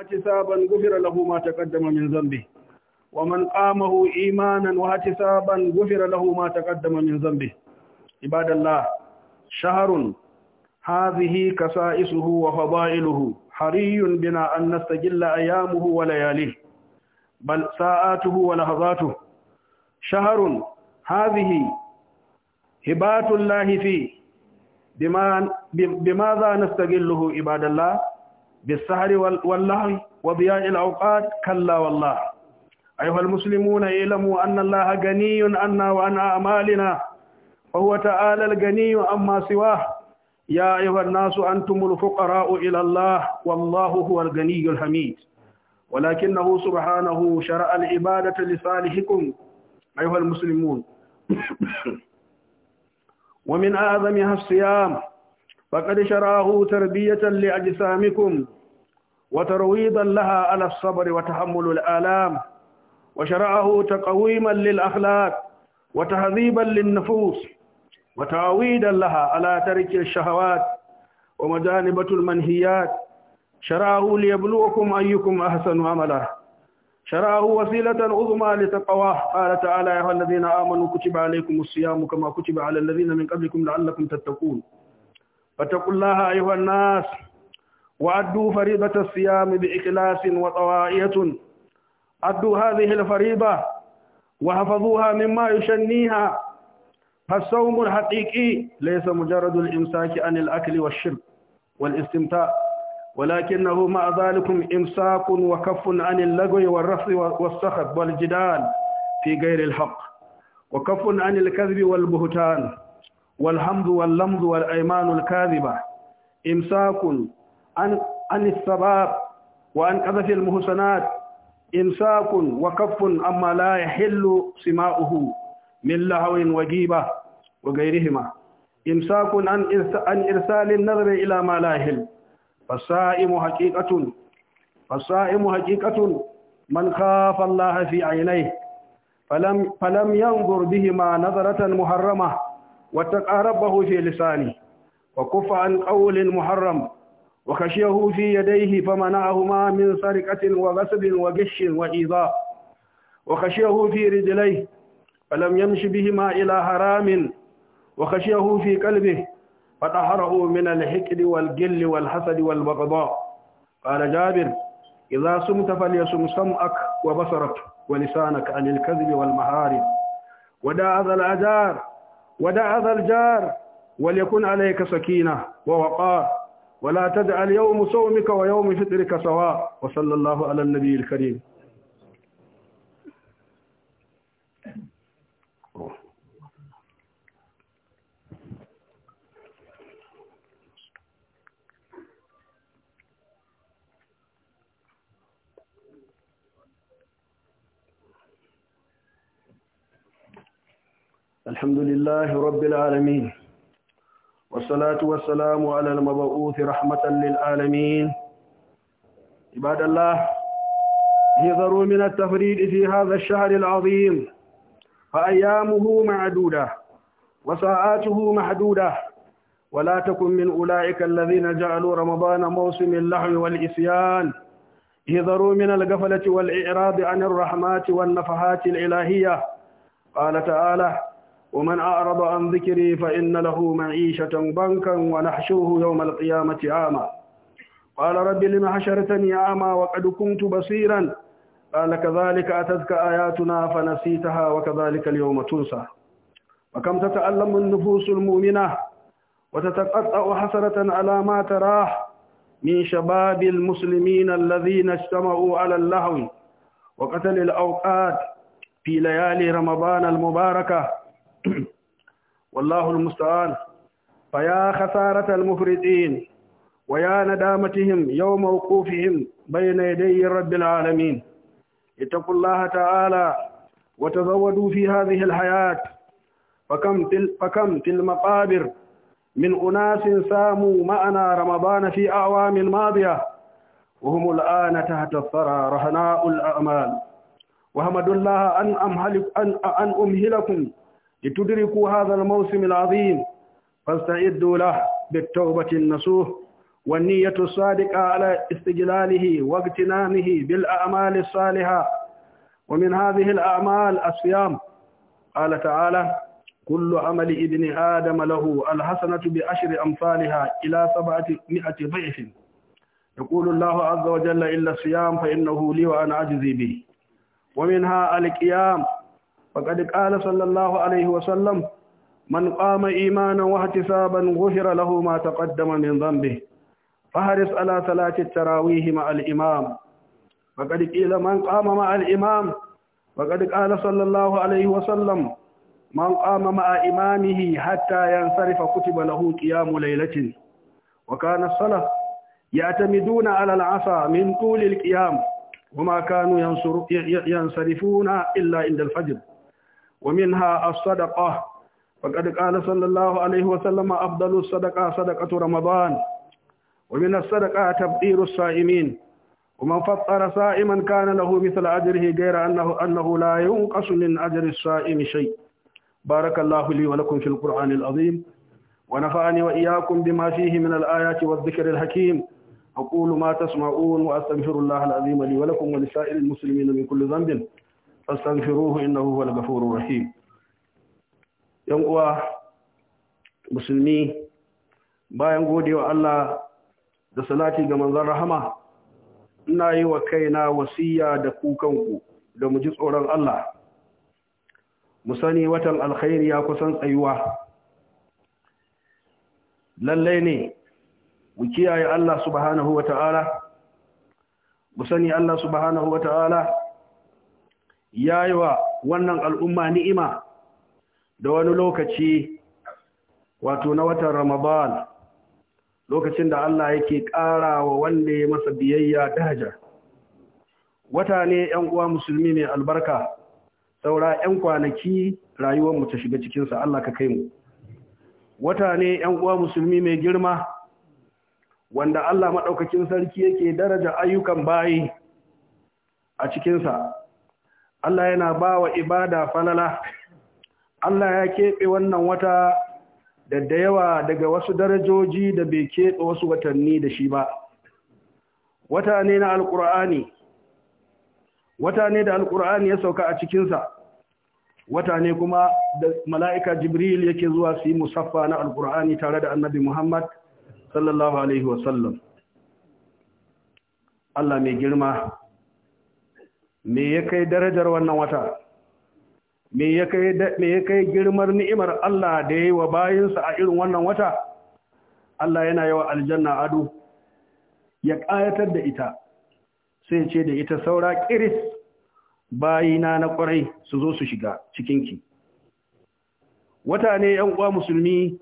احتسابا غفر له ما تقدم من ذنبه ومن قامه إيمانا واحتسابا غفر له ما تقدم من ذنبه عباد الله شهر هذه كسائسه وفضائله حري بنا أن نستجل أيامه ولياليه بل ساعاته ولحظاته شهر هذه هبات الله فيه بما بماذا نستجله عباد الله بالسهر واللهو وضياء الأوقات كلا والله أيها المسلمون اعلموا أن الله غني عنا وعن أعمالنا وهو تعالى الغني عما سواه يا أيها الناس أنتم الفقراء إلى الله والله هو الغني الحميد ولكنه سبحانه شرع العبادة لصالحكم أيها المسلمون ومن أعظمها الصيام فقد شراه تربية لأجسامكم وترويضا لها على الصبر وتحمل الآلام وشرعه تقويما للأخلاق وتهذيبا للنفوس وتعويدا لها على ترك الشهوات ومجانبة المنهيات شرعه ليبلوكم أيكم أحسن عملا شرعه وسيلة عظمى لتقواه قال تعالى يا أيها الذين آمنوا كتب عليكم الصيام كما كتب على الذين من قبلكم لعلكم تتقون فاتقوا الله أيها الناس وأدوا فريضة الصيام بإخلاص وطوائية أدوا هذه الفريضة وحفظوها مما يشنيها فالصوم الحقيقي ليس مجرد الإمساك عن الأكل والشرب والاستمتاع ولكنه مع ذلك إمساك وكف عن اللغو والرفض والسخط والجدال في غير الحق وكف عن الكذب والبهتان والهمز واللمز والأيمان الكاذبة إمساك عن, عن السباب وعن قذف المحسنات إمساك وكف أما لا يحل سماؤه من لهو وجيبة وغيرهما إمساك عن إرسال النظر إلى ما لا يحل فالصائم حقيقة فالصائم حقيقة من خاف الله في عينيه فلم, فلم ينظر بهما نظرة محرمة وتقاربه في لسانه وكف عن قول محرم وخشيه في يديه فمنعهما من سرقة وغسل وغش وإيذاء وخشيه في رجليه فلم يمش بهما إلى حرام وخشيه في قلبه فطهره من الحقد والجل والحسد والبغضاء قال جابر إذا صمت فليسم سمعك وبصرك ولسانك عن الكذب والمهارب ودع ذا الأجار ودع ذا الجار وليكن عليك سكينة ووقار ولا تدع اليوم صومك ويوم فطرك سواء وصلى الله على النبي الكريم الحمد لله رب العالمين والصلاة والسلام على المبعوث رحمة للعالمين عباد الله احذروا من التفريد في هذا الشهر العظيم فأيامه معدودة وساعاته محدودة ولا تكن من أولئك الذين جعلوا رمضان موسم اللحو والإسيان احذروا من الغفلة والإعراض عن الرحمات والنفحات الإلهية قال تعالى ومن أعرض عن ذكري فإن له معيشة بنكا ونحشره يوم القيامة عاما قال رب لما حشرتني عاما وقد كنت بصيرا قال كذلك أتتك آياتنا فنسيتها وكذلك اليوم تنسى وكم تتألم النفوس المؤمنة وتتقطع حسرة على ما تراه من شباب المسلمين الذين اجتمعوا على اللهو وقتل الأوقات في ليالي رمضان المباركة والله المستعان فيا خسارة المفرطين ويا ندامتهم يوم وقوفهم بين يدي رب العالمين اتقوا الله تعالى وتزودوا في هذه الحياة فكم تل فكم في المقابر من أناس ساموا معنا رمضان في أعوام الماضية وهم الآن تحت الثرى رهناء الأعمال وحمد الله أن أمهلكم لتدركوا هذا الموسم العظيم فاستعدوا له بالتوبة النصوح والنية الصادقة على استجلاله واغتنامه بالأعمال الصالحة ومن هذه الأعمال الصيام قال تعالى كل عمل ابن آدم له الحسنة بأشر أمثالها إلى سبعة مئة ضعف يقول الله عز وجل إلا الصيام فإنه لي وأنا أجزي به ومنها القيام فقد قال صلى الله عليه وسلم من قام إيمانا واحتسابا غفر له ما تقدم من ذنبه فحرص على صلاة التراويح مع الإمام فقد قيل من قام مع الإمام فقد قال صلى الله عليه وسلم من قام مع إمامه حتى ينصرف كتب له قيام ليلة وكان الصلاة يعتمدون على العصا من طول القيام وما كانوا ينصرفون إلا عند الفجر ومنها الصدقة فقد قال صلى الله عليه وسلم أفضل الصدقة صدقة رمضان ومن الصدقة تبقير الصائمين ومن فطر صائما كان له مثل أجره غير أنه, أنه لا ينقص من أجر الصائم شيء بارك الله لي ولكم في القرآن العظيم ونفعني وإياكم بما فيه من الآيات والذكر الحكيم أقول ما تسمعون وأستغفر الله العظيم لي ولكم ولسائر المسلمين من كل ذنب fastaghfiruhu innahu huwal ghafurur rahim yan uwa musulmi bayan godewa Allah da salati ga manzon rahama ina yi wa kaina wasiya da kukanku da mu ji tsoron Allah mu sani watan alkhairi ya kusan tsayuwa lallai ne mu kiyaye Allah subhanahu wa ta'ala Allah subhanahu wa ya yi wa wannan al'umma ni'ima da wani lokaci wato na watan Ramadan lokacin da Allah yake ƙara wa wanne masa biyayya daraja. Wata ne ‘yan uwa musulmi mai albarka, saura ‘yan kwanaki rayuwar mu ta shiga cikinsa Allah ka kai mu. Wata ne ‘yan uwa musulmi mai girma, wanda Allah maɗaukakin sarki yake daraja ayyukan bayi a cikinsa. Allah yana ba wa ibada falala Allah ya keɓe wannan wata da da yawa daga wasu darajoji da bai keɓe wasu watanni da shi ba wata ne na alƙur'ani wata ne da alƙur'ani ya sauka a cikinsa wata ne kuma da mala'ika jibril yake zuwa su yi musaffa na alƙur'ani tare da annabi muhammad sallallahu alaihi wasallam Allah mai girma me ya kai darajar wannan wata me ya kai girmar ni'imar Allah da ya yi wa bayinsa a irin wannan wata Allah yana yawa aljanna ado ya ƙayatar da ita sai ce da ita saura ƙiris bayina na ƙwarai su zo su shiga cikinki wata ne ‘yan uwa musulmi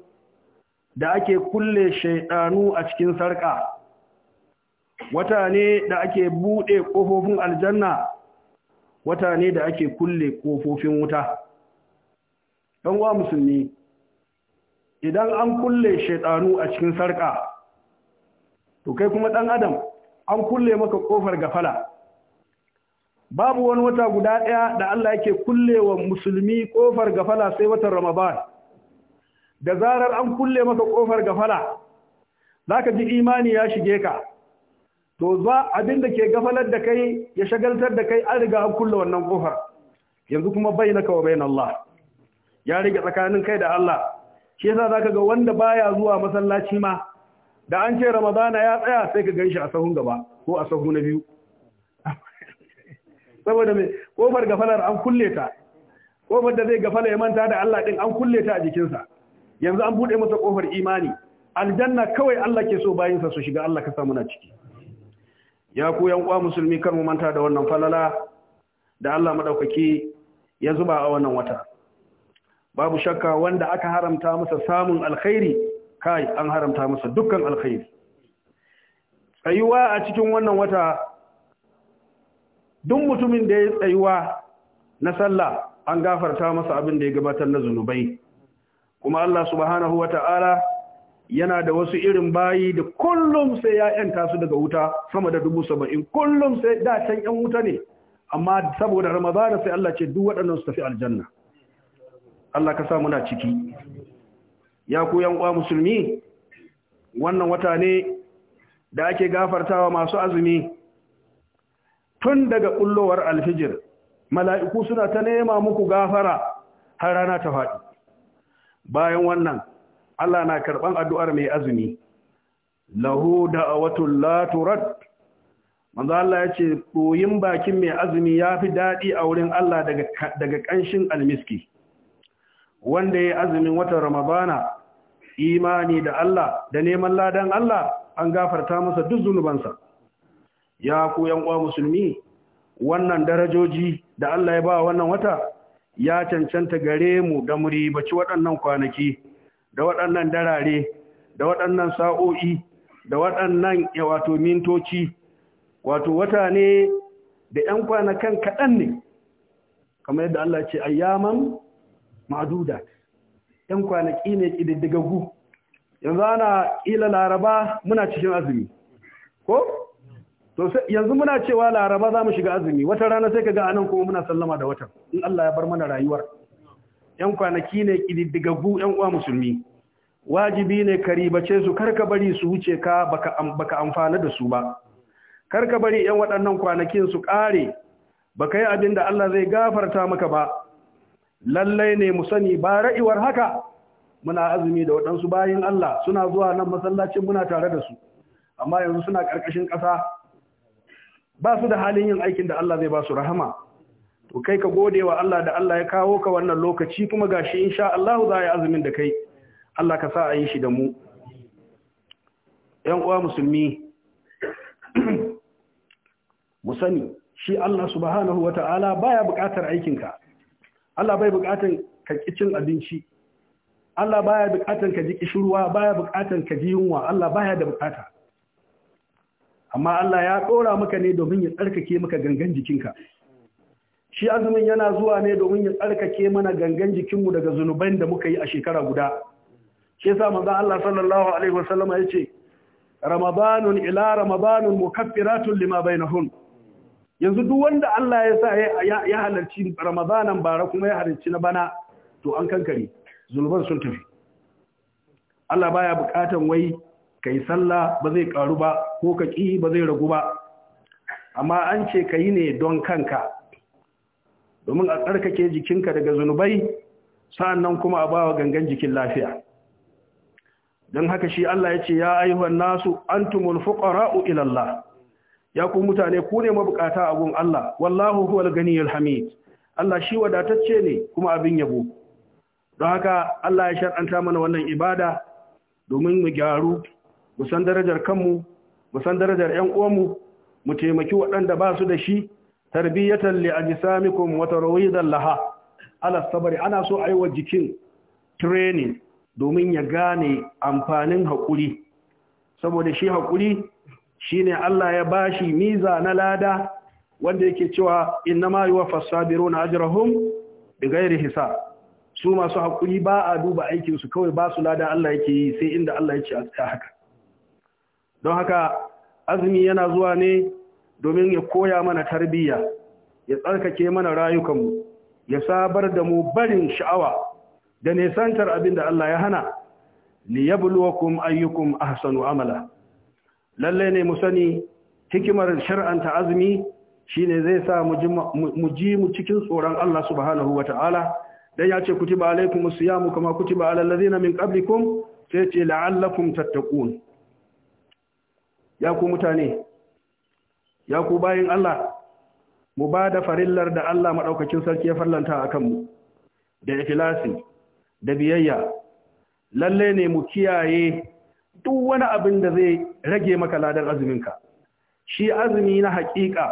da ake kulle shaidanu a cikin sarƙa wata ne da ake buɗe ƙofofin aljanna wata ne da ake kulle kofofin wuta ɗan wa musulmi idan an kulle shaidanu a cikin sarƙa to kai kuma ɗan adam an kulle maka ƙofar gafala babu wani wata guda ɗaya da Allah yake kulle wa musulmi ƙofar gafala sai watan ramadan da zarar an kulle maka ƙofar gafala za ka ji imani ya shige ka to za abin da ke gafalar da kai ya shagaltar da kai an riga an kulle wannan kofar yanzu kuma bainaka wa bain Allah ya riga tsakanin kai da Allah shi yasa zaka ga wanda baya zuwa masallaci ma da an ce Ramadana ya tsaya sai ka ganshi a sahun gaba ko a sahu na biyu saboda me kofar gafalar an kulle ta kofar da zai gafala ya manta da Allah din an kulle ta a jikinsa yanzu an bude masa kofar imani aljanna kawai Allah ke so bayinsa su shiga Allah ka samu na ciki ya ku yan uwa musulmi kar mu manta da wannan falala da Allah maɗaukaki ya zuba a wannan wata babu shakka wanda aka haramta masa samun alkhairi kai an haramta masa dukkan alkhairi tsayuwa a cikin wannan wata duk mutumin da ya tsayuwa na sallah an gafarta masa abin da ya gabatar na zunubai kuma Allah subhanahu wata'ala yana da wasu irin bayi da kullum sai ya yanta su daga wuta sama da dubu saba'in kullum sai da can yan wuta ne amma saboda ramadana sai Allah ce duk waɗannan su tafi aljanna Allah ka sa muna ciki ya ku yan musulmi wannan wata ne da ake gafartawa masu azumi tun daga ƙullowar alfijir mala'iku suna ta nema muku gafara har rana ta faɗi bayan wannan Allah na karɓar addu'ar mai azumi lahu da a la Laturat, manzo Allah ce koyin bakin mai azumi ya fi daɗi a wurin Allah daga ƙanshin kanshin almiski wanda yi azumin watan ramadana imani da Allah da neman ladan Allah an gafarta masa duk zunubansa ya ku yan musulmi wannan darajoji da Allah ya ba wannan wata ya cancanta gare mu da muri ribaci waɗannan kwanaki da waɗannan darare da waɗannan sa'o'i da waɗannan wato mintoci wato wata ne da ‘yan kwanakan kaɗan ne kamar yadda Allah ce ayyaman ma'aduda ‘yan kwanaki ne ƙididdigaggu yanzu ana ƙila laraba muna cikin azumi ko? yanzu muna cewa laraba za mu shiga azumi wata rana sai ka ga anan kuma muna sallama da watan in Allah ya bar mana rayuwar yan kwanaki ne kididdigaggu yan uwa musulmi wajibi ne karibace ribace su karka bari su wuce ka baka amfana da su ba karka bari yan waɗannan kwanakin su ƙare baka yi abin da Allah zai gafarta maka ba lallai ne mu sani ba ra'iwar haka muna azumi da waɗansu bayan Allah suna zuwa nan masallacin muna tare da su amma yanzu suna ƙarƙashin ƙasa ba su da halin yin aikin da Allah zai ba su rahama to kai ka gode wa Allah da Allah ya kawo ka wannan lokaci kuma gashi insha Allah za a yi azumin da kai Allah ka sa a yi shi da mu Ƴan uwa musulmi mu sani shi Allah subhanahu wa ta'ala baya buƙatar aikinka Allah bai buƙatar ka cin abinci Allah baya buƙatar ka ji kishirwa baya buƙatar ka ji yunwa Allah baya da buƙata amma Allah ya ɗora maka ne domin ya tsarkake maka gangan jikinka shi azumin yana zuwa ne domin ya tsarkake mana gangan jikinmu daga zunuban da muka yi a shekara guda shi yasa manzon Allah sallallahu alaihi wasallam ya ce ramadanun ila ramadanun mukaffiratun lima bainahun yanzu duk wanda Allah ya sa ya halarci ramadanan bara kuma ya halarci na bana to an kankare zunuban sun tafi Allah baya bukatan wai kai sallah ba zai karu ba ko ka ki ba zai ragu ba amma an ce ka yi ne don kanka domin a tsarkake jikinka daga zunubai sa'annan kuma a bawa gangan jikin lafiya don haka shi Allah ya ce ya ayyuhan nasu antumul fuqara'u ila ya ku mutane ku ne mabukata a gun Allah wallahu huwal ganiyul hamid Allah shi wadatacce ne kuma abin yabo don haka Allah ya shar'anta mana wannan ibada domin mu gyaru mu san darajar kanmu mu san darajar ƴan uwanmu mu taimaki waɗanda ba su da shi tarbiyatan li ajsamikum wa tarwidan laha ala sabari ana so ayi wa jikin training domin ya gane amfanin hakuri saboda shi hakuri shine Allah ya bashi miza na lada wanda yake cewa innama yuwaffas sabiruna ajrahum bighairi hisab su masu hakuri ba a duba aikin su kawai ba su lada Allah yake yi sai inda Allah ya ce a haka don haka azumi yana zuwa ne domin ya koya mana tarbiyya ya tsarkake mana rayukanmu ya sabar da mu barin sha'awa da nisantar abin da Allah ya hana yabluwakum ayyukum ahsanu amala lalle ne mu sani hikimar shar'anta azumi shine zai sa mu ji mu cikin tsoron Allah subhanahu wataala dan ya ce kutiba alaikum siyamu kama kutiba alal ladina min qablikum sai ce la'allakum tattaqun ya ku mutane ya ku bayin Allah mu ba da farillar da Allah maɗaukacin sarki ya farlanta a kanmu da ikhlasi da biyayya lalle ne mu kiyaye duk wani abin da zai rage maka ladar azuminka shi azumi na haƙiƙa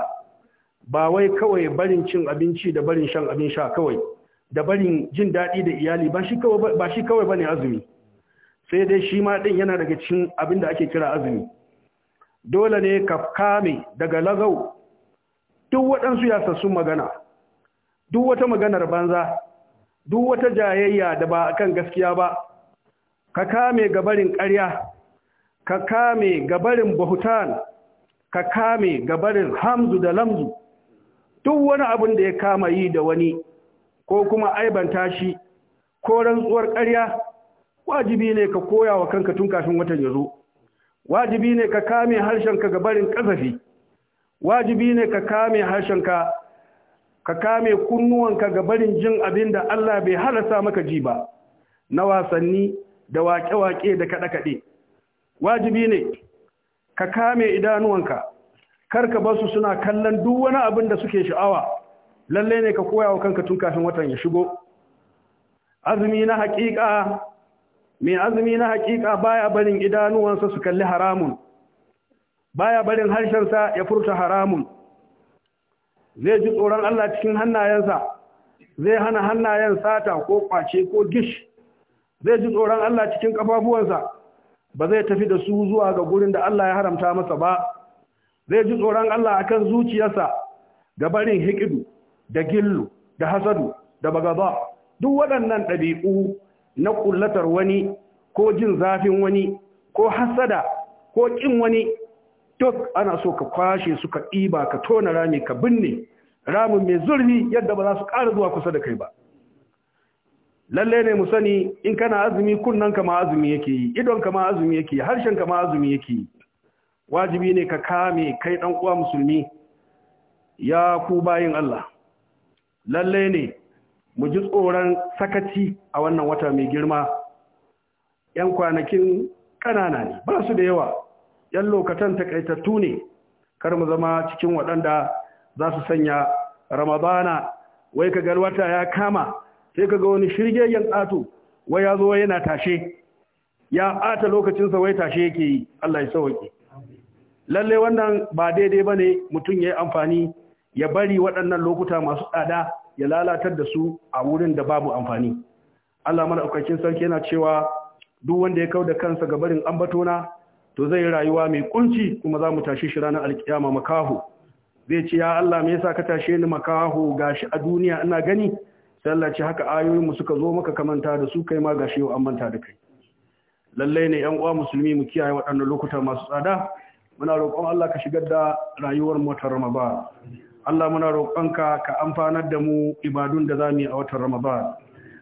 ba wai kawai barin cin abinci da barin shan abin sha kawai da barin jin daɗi da iyali ba shi kawai ba ne azumi sai dai shi ma ɗin yana daga cikin abin da ake kira azumi dole ne ka kame daga lagau duk waɗansu yasassun magana duk wata maganar banza duk wata jayayya da ba kan gaskiya ba ka kame gabarin ƙarya ka kame gabarin bahutan ka kame gabarin hamzu da lamzu duk wani abin da ya kama yi da wani ko kuma aibanta shi ko rantsuwar ƙarya wajibi ne ka koya wa kanka tun kafin watan ya zo wajibi ne ka kame harshenka ga barin kasafi wajibi ne ka kame harshenka ka kame kunnuwanka ga barin jin abin da Allah bai halasa maka ji ba na wasanni da waƙe-waƙe da kaɗe-kaɗe wajibi ne ka kame idanuwanka karka basu suna kallon duk wani abin da suke sha'awa lalle ne ka koya wa kanka tun kafin watan ya shigo azumi na haƙiƙa mai azumi na hakika baya barin idanuwansa su kalli haramun baya barin harshensa ya furta haramun zai ji tsoron Allah cikin hannayensa zai hana hannayen sata ko kwace ko gish zai ji tsoron Allah cikin kafafuwansa ba zai tafi da su zuwa ga gurin da Allah ya haramta masa ba zai ji tsoron Allah akan zuciyarsa da barin hikidu da gillu da hasadu da bagaba duk waɗannan ɗabi'u na kullatar wani ko jin zafin wani ko hasada ko kin wani duk ana so ka kwashe su ka ɗiba ka tona rami ka binne ramin mai zurfi yadda ba za su ƙara zuwa kusa da kai ba lalle ne mu sani in kana azumi kunnan ma azumi yake yi idon ma azumi yake yi harshen ma azumi yake yi wajibi ne ka kame kai dan uwa musulmi ya ku bayin Allah lalle ne mu ji tsoron sakaci a wannan wata mai girma ‘yan kwanakin ƙanana ne ba su da yawa ‘yan lokatan takaitattu ne kar mu zama cikin waɗanda za su sanya ramadana wai ka wata ya kama sai ka ga wani shirgegen ƙato wai ya zo yana tashe ya ɓata lokacinsa wai tashe yake yi Allah ya ke. lalle wannan ba daidai ba ne mutum ya yi amfani ya bari waɗannan lokuta masu tsada ya lalatar da su a wurin da babu amfani Allah madaukakin sarki yana cewa duk wanda ya kau da kansa ga barin ambatona to zai yi rayuwa mai kunci kuma za mu tashi shi ranar alkiyama makaho zai ce ya Allah me yasa ka tashe ni makaho gashi a duniya ina gani sai Allah ce haka ayoyin mu suka zo maka kamanta da su kai ma gashi yau an manta da kai lalle ne yan uwa musulmi mu kiyaye waɗannan lokuta masu tsada muna roƙon Allah ka shigar da rayuwar mu ta Ramadan Allah muna roƙonka ka amfanar da mu ibadun da za mu yi a watan Ramadan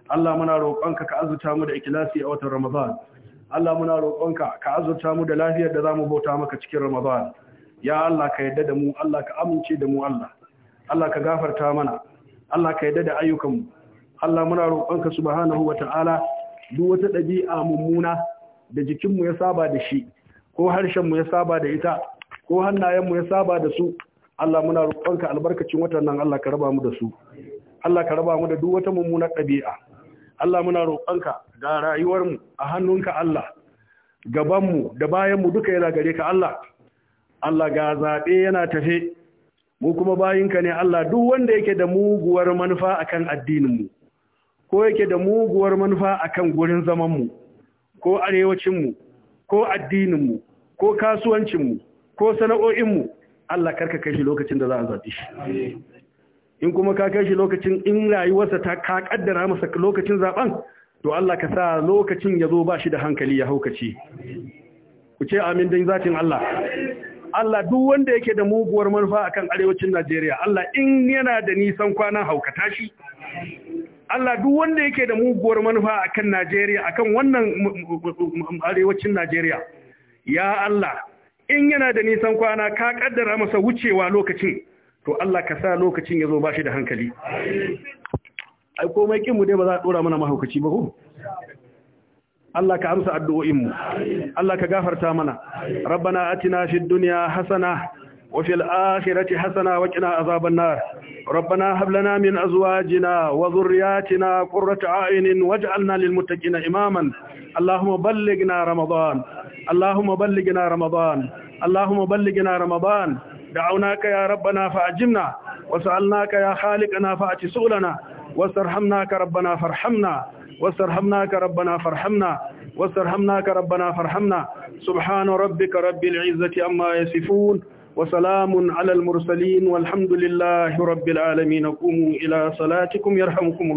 Allah muna roƙonka ka azurta mu da ikilasi a watan Ramadan Allah muna roƙonka ka azurta mu da lafiyar da za mu bauta maka cikin Ramadan ya Allah ka yadda da mu Allah ka amince da mu Allah Allah ka gafarta mana Allah ka yadda da ayyukanmu Allah muna roƙonka subhanahu wata'ala duk wata ɗabi'a mummuna da jikinmu ya saba da shi ko harshenmu ya saba da ita ko hannayenmu ya saba da su Allah muna roƙonka albarkacin watan nan Allah ka raba mu da su Allah ka raba mu da duk wata mummunar ɗabi'a Allah muna roƙonka ga rayuwarmu a hannunka Allah gabanmu da bayanmu duka yana gare ka Allah Allah ga zaɓe yana tafe mu kuma bayinka ne Allah duk wanda yake da muguwar manufa akan addininmu ko yake da muguwar manufa akan gurin zamanmu ko arewacinmu ko addininmu ko kasuwancinmu ko sana'o'inmu Allah karka kai shi lokacin da za a zaɓi shi in kuma ka kai shi lokacin in rayuwarsa ta ka kaddara masa lokacin zaben to Allah ka sa lokacin ya zo ba shi da hankali ya haukaci. ku ce amin don zatin Allah Allah duk wanda yake da muguwar manufa akan arewacin Najeriya Allah in yana da nisan kwana haukata shi Allah duk wanda yake da muguwar manufa akan Najeriya akan wannan arewacin Najeriya ya Allah in yana da nisan kwana ka kaddara masa wucewa lokacin to Allah ka sa lokacin ya zo bashi da hankali ai komai kin mu dai ba za a dora mana mahaukaci ba ko Allah ka amsa addu'o'in mu Allah ka gafarta mana rabbana atina fid dunya hasana wa fil akhirati hasana wa qina azaban nar rabbana hab lana min azwajina wa dhurriyyatina qurrata a'yunin waj'alna lil muttaqina imaman allahumma ballighna ramadan اللهم بلغنا رمضان اللهم بلغنا رمضان دعوناك يا ربنا فأجمنا وسألناك يا خالقنا فأتي سؤلنا واسترحمناك ربنا فارحمنا واسترحمناك ربنا فارحمنا واسترحمناك ربنا فارحمنا سبحان ربك رب العزة أما يصفون وسلام على المرسلين والحمد لله رب العالمين قوموا إلى صلاتكم يرحمكم الله